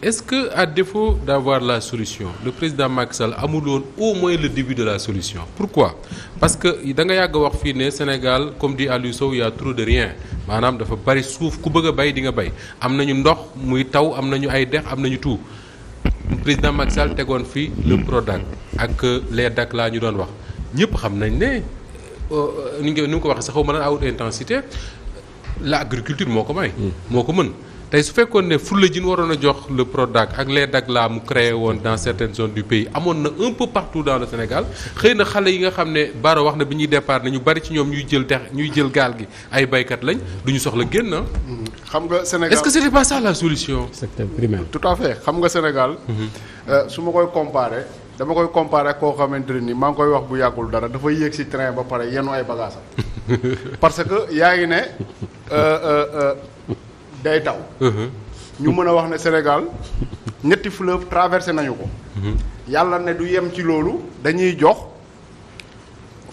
est-ce que à défaut d'avoir la solution le président Macky Sall amul woon au moins le début de la solution pourquoi parce que da nga yàgg wax fii ne Sénégal comme di Aliou Sow y a trop de rien maanaam dafa bari suuf ku bëgg a bay di nga bay am nañu ndox muy taw am nañu ay dex am nañu tout président Macky Sall tegoon fii le Prodac ak euh, les DAC laa ñu doon wax ñëpp xam nañ ne euh, ni nga ni ko wax sax xaw ma naan à haute intensité l'agriculture moo ko may mm. moo ko mën tey su fekkoon ne fulla ji ñu waroon a jox le Prodac ak les Dagla mu créé woon dans certaines zones du pays amoon na un peu partout dans Sénégal xëy na xale yi nga xam ne Baro wax na bi ñuy départ ne bari ci ñoom ñuy jël dex ñuy jël gaal gi ay baykat lañ du ñu soxla génn. Ah. Mm-hmm. xam nga Sénégal est-ce que c'était pas ça la solution. secteur primaire nga mm-hmm. euh, su ma koy comparer dama koy comparer koo xamante ne nii maa ngi koy wax bu yàggul dara dafa yéeg ci train ba pare yenu ay bagages parce que yaa ngi ne. Euh, euh, day taw. ñu mën a wax ne Sénégal ñetti fleuve traversé nañu ko. yàlla ne du yem ci loolu dañuy jox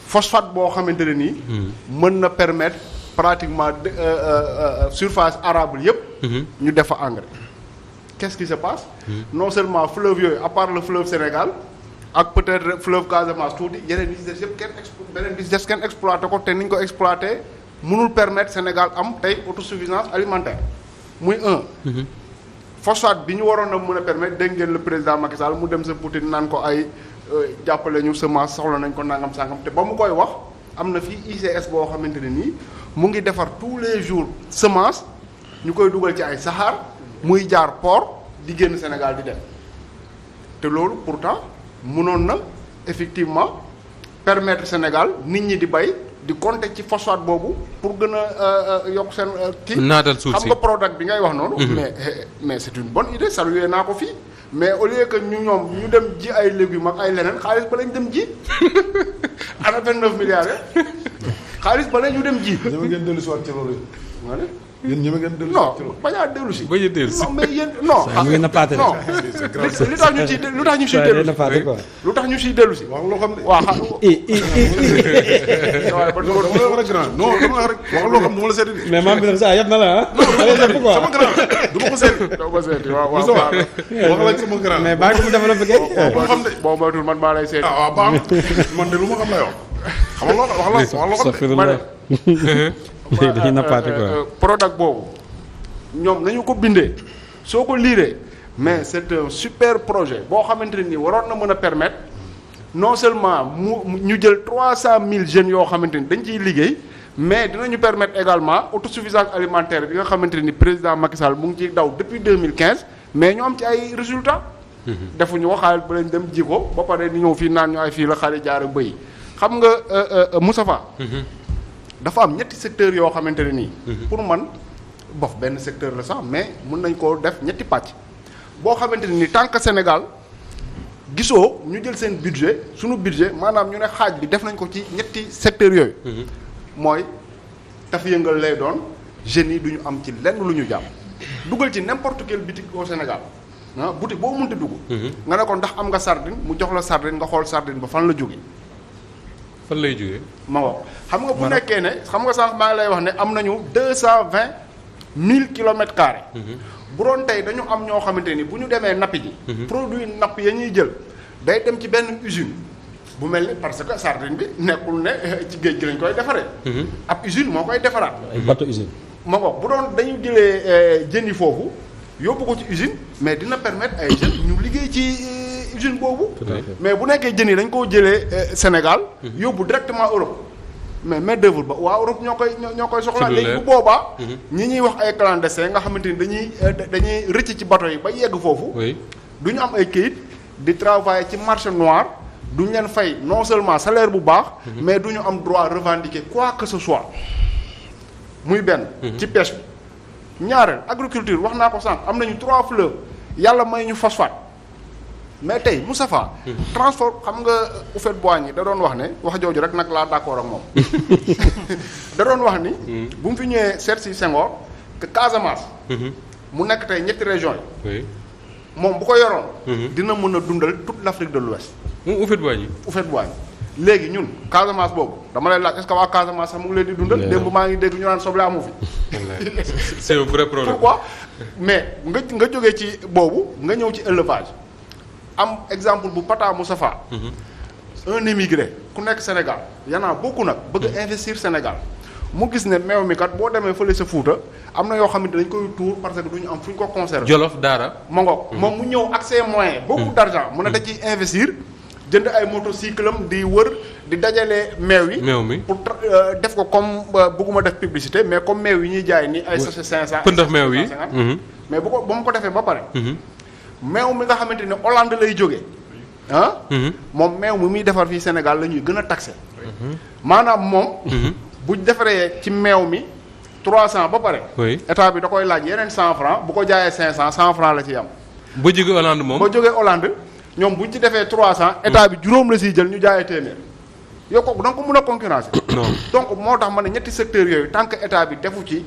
phosphate boo xamante ne nii. mën na permettre pratiquement euh, euh, euh, surface arable yëpp. ñu defa engrais. qu'est-ce qui se passe. non seulement fleuve yooyu à part le fleuve Sénégal. ak peut-être fleuve Casamance tuuti yeneen bi ci des yëpp kenn explo ko te ni ko exploité mënul permettre Sénégal am tey autosuffisance alimentaire. muy un. Mhm. phosphate bi ñu waroon a mun a permettre dégg ngeen le président Macky Sall mu dem sa Poutine naan ko ay euh, jàppale ñu semence soxla nañ ko nangam sangam te ba mu koy wax am na fii ICS boo xamante ne nii mu ngi defar tous les jours semence ñu koy dugal ci ay saxaar muy jaar port di génn Sénégal di dem te loolu pourtant mënoon na effectivement permettre Sénégal nit ñi di bay. di compter ci phosphate boobu pour gën a euh, euh, yokk seen euh, kii naatal suuf si xam nga product bi ngay wax noonu mhm. mais eh, eh, mais c'est une bonne idée salué naa ko fii mais au lieu que ñu ñoom ñu dem ji ay légumes ak ay leneen xaalis ba lañ dem ji ana vingt neuf milliards xaalis ba la ñu dem ji dama ngeen dellu si waat ci loolu ma yéen ñeme ngeen dellu bañ a dellu si. bañ a dellu si non mais yéen non. xam ngeen nappaate non li tax ñu ciy lu tax ñu ciy dellu si lu tax ñu ciy dellu si. wax loo xam ne waaw xam nga ko. waaw loolu dama la war a grand non dama la rek wax loo xam ne dama la seeti. mais maam bi nag saa yab na la ah. sama grand du ma ko seeti. dama la sama grand. mais xam ne boo moytuwul ma xam xam nga loo xam wax loo xam de. léegi dañuy euh, nappaate quoi euh, euh, boobu ñoom nañu ko bindee soo ko liiree mais c'est un super projet boo xamante ni waroon na mën a permettre non seulement mu ñu jël trois cent mille jeunes yoo xamante ni dañ ciy liggéey mais dinañu permettre également autosuffisance alimentaire bi nga xamante ni président Macky mu ngi ciy daw depuis 2015 mais ñoo am ci ay résultat mhm. defu ñu waxaal ba lañ dem ji ko ba pare ni ñëw fii naan ñu ay fii la xale jaar a bëy xam nga Moustapha mhm. dafa am ñetti secteur yoo xamante ne nii. Mhm. pour man bof benn secteur la sax mais mun nañ koo def ñetti pàcc. boo xamante ne nii tant que Sénégal gisoo ñu jël seen budget suñu budget maanaam ñu ne xaaj bi def nañ ko ci ñetti secteurs yooyu. Mhm. mooy taf yëngal lay doon jeunes yi du ñu am ci lenn lu ñu jàpp. dugal ci n'importe quel boutique au Sénégal ah boutique boo mënti dugg. Mhm. nga ne ko ndax am nga sardine mu jox la sardine nga xool sardine ba fan la jóge fan lay jure ma xam nga bu nekkee ne xam nga sànq maa ngi lay wax ne am nañu deux cent vingt mille kilomètres carrés. Mhm. bu doon tey dañu am ñoo xamante ni bu ñu demee nappi ji. Mhm. produit napp ya ñuy jël day dem ci benn usine. bu mel ni parce que sardine bi nekkul ne eh, ci géej gi lañ koy defaree. Mhm. ab usine moo koy defaraat. ay bateau bu doon dañu jëlee eh, jën yi foofu. yóbbu ko ci usine mais dina permettre ay jeunes ñu liggéey ci euh, usine boobu. mais bu nekkee jën yi dañ koo jëlee euh, Sénégal. Mhm. yóbbu directement Europe. mais main d'œuvre ba waa Europe ñoo koy ñoo koy soxla léegi bu boobaa. Mhm. ñi ñuy wax ay clandestin nga xamante ni dañuy euh, dañuy rëcc ci bateau yi ba yegg foofu. du ñu am ay kayit di travailler ci marché noir duñ leen fay non seulement salaire bu baax. Mhm. mais du ñu am droit revendiquer quoi que ce soit muy benn. ci pêche bi. ñaareel agriculture wax naa ko sànq am nañu trois fleuves yàlla may ñu phosphate mais tey Moustapha hmm. transport xam nga euh, Houphouët-Boigny da doon wax ne wax jooju rek nag laa d'accord ak moom da doon wax ni hmm. bu mu fi ñëwee seet si Senghor que Casamance hmm. mu nekk tey ñetti région yi moom bu ko yoroon dina mën a dundal toute l'Afrique de l'Ouest Houphouët-Boigny houphouët léegi ñun Casamance boobu dama lay laaj est-ce que waa Casamance sax mu ngi leen di dundal. démb maa ngi dégg ñu naan soble amu fi. c'est un mais nga nga jógee ci boobu nga ñëw ci élevage am exemple bu pataa Moustapha. Mm-hmm. un émigré ku nekk Sénégal yanaa bokku nag bëgg mm-hmm. investir Sénégal. mu gis ne meew mi kat boo demee fële sa Fuuta am na yoo xamante dañ koy tuur parce que du ñu am fu ñu ko conserver. Jolof Daara. ma ngoog mm-hmm. moom mu ñëw ak ses moyens. beaucoup d'argent mu ne da ciy investir. jënd ay motocycle am di wër di dajale meew yi. meew mi pour euh, def ko comme euh, bëgguma def publicité mais comme meew yi ñuy jaay ni ay cent 500. pëndax meew yi mhm. mais bu ko ba mu ko defee ba pare. Mhm. meew mi nga xamante ne Hollande lay jóge ah. Mhm. moom meew mi muy defar fii Sénégal lañuy ñuy gën a taxé. maanaam moom. buñ defaree ci meew mi. 300 ba pare. état bi da koy laaj yeneen 100 francs bu ko jaayee 500 cent francs la ci am. ba jóge Hollande moom ba jógee Hollande. ñoom bu ñu ci defee trois 300. état bi juróom la siy jël ñu jaayee téeméer. yow kooku da nga ko mën a concurrencer. donc moo tax ma ne ñetti secteurs yooyu tant que état bi defu ci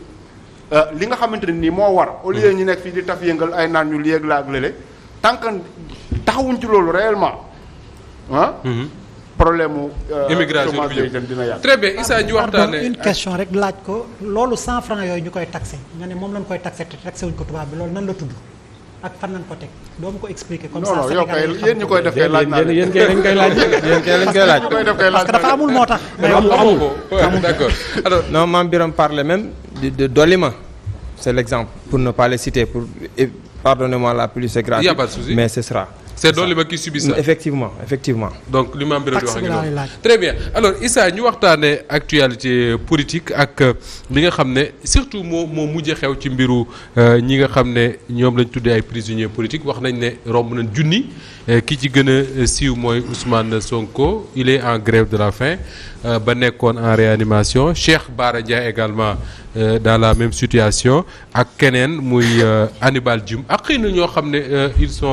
euh, li nga xamante ne nii moo war. au lieu mm. ñu nekk fii di taf yëngal ay naan ñu léeg la ak lële tant que taxawuñ ci loolu réellement ah. Mm-hmm. problème mu. Euh, immigration bi ñëw dina yàq. très bien Issa ñu waxtaanee une question rek laaj ko loolu 100 francs yooyu ñu koy taxé nga ne moom lañ koy taxé te taxé wuñ ko tubaab bi la tudd. ak fan lañ ko teg doo ko expliquer. comme ça non non yow kay ñu koy def kay laaj naa leen yéen kay lañ koy laaj yéen kay lañ koy laaj. parce que dafa amul moo tax. amul amul amul d'accord alors non Mame Birame c'est l'exemple pour ne pas cité pour pardonnez-moi la pluie c'est gratuit mais ce sera c'est donc li ma kii subit ça effectivement effectivement. donc lima maam Biré di wax ak ñoom très bien alors Issa ñu waxtaanee actualité politique ak euh, li nga xam ne surtout moo moo mujjee xew ci mbiru euh, ñi nga xam ne ñoom lañ tuddee ay prisonniers politique wax nañ ne romb nañ junni euh, ki ci gën a siiw mooy Ousmane Sonko il en grève de la faim ba nekkoon en réanimation Cheikh Bara également dans la même situation ak keneen muy Hannibal Djim ak xëy ñoo xam ne ils